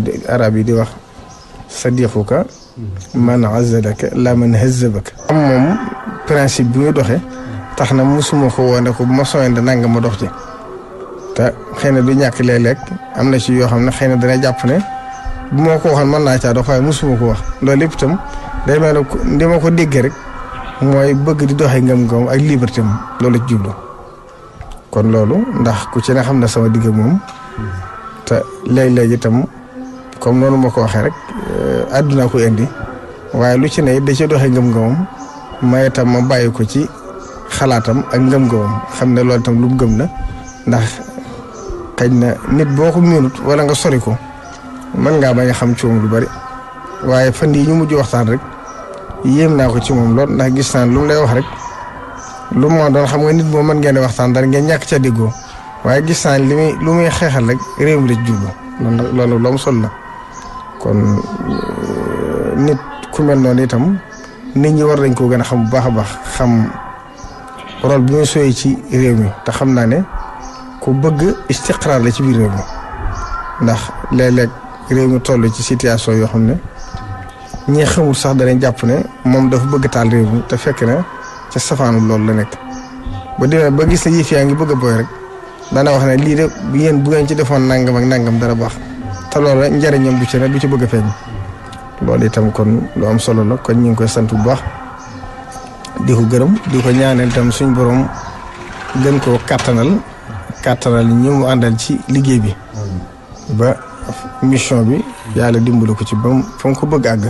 bi arab yi di wax sadiquka man azadaka la man hazabaka am moom principe bi muy doxe tax na mosuma ko wone ko bu ma soññee nanga ma dox ci te xëy na du ñàkk léeg lekk am na ci yoo xam ne xëy na dana jàpp ne bu ma ko naa caa dox waaye ko wax loolu lépp itam day mel ne li ko déggee rek mooy bëgg di doxee ngëm-ngëm ak liberté loolu ci jublu kon loolu ndax ku ci ne xam na sama digg moom te léeg-léeg itam comme noonu ma ko waxee rek eh, àdduna ko indi waaye lu ci ne da ci doxee ngëm-ngëmam maye tam ma bàyyi ko ci xalaatam ak ngëm-ngëmam xam ne loolu tam lu mu gëm na ndax xëy na nit boo ko miinut wala nga sori ko mën ngaa bañ a xam ci moom lu bari waaye fan yii ñu mujj waxtaan rek yéem naa ko ci moom lool ndax gis naa lu mu lay wax rek lu moo doon xam nga nit moom mën ngeen di waxtaan dara ngeen ñàkk ca déggoo waaye gis naa li muy lu muy xeexal rek réew mi la jublu loolu loolu lu am la. kon euh, nit ku mel noonu itam nit ñi war nañ koo gën a xam bu baax a baax xam rol bi muy soyee ci réew mi te xam naa ne ku bëgg istiqraar la ci biir réew mi ndax léeg-léeg réew mi toll ci situation yoo xam ne ñi xamul sax danañ jàpp ne moom dafa bëgg taal réew mi te fekk na ca safaanu loolu la nekk ba demee ba gis ne yëf yaa ngi bëgg a boy rek daana wax ne lii de yéen bu ngeen ci defoon nangam ak nangam dara baax te loolu njëriñam bu ci ne du ci bëgg a feeñ loolu itam kon lu am solo la kon ñu ngi koy sant bu baax di ko gërëm di ko ñaanal itam suñ borom gën koo kàttanal kàttanal ñi mu àndal ci liggéey bi ba mission bi yàlla dimbali ko ci ba fa mu ko bëgg àgg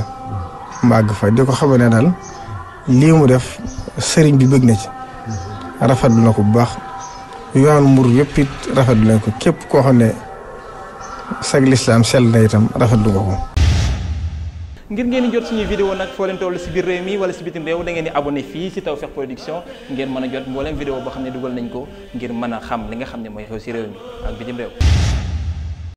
mu àgg fa di ko xamal ne daal lii mu def sëriñ bi bëgg na ci rafetlu na ko bu baax yoon mbur yëpp it rafetlu nañ ko képp koo xam ne sag lislaam sell na itam rafetlu ko ko. ngir ngeen di jot suñuy vidéo nag foo leen toll si biir réew mi wala si bitim réew da ngeen di abonné fii si Tawfekh Production ngeen mën a jot mbooleem vidéo boo xam ne dugal nañ ko ngir mën a xam li nga xam ne mooy xew si réew mi ak bitim réew.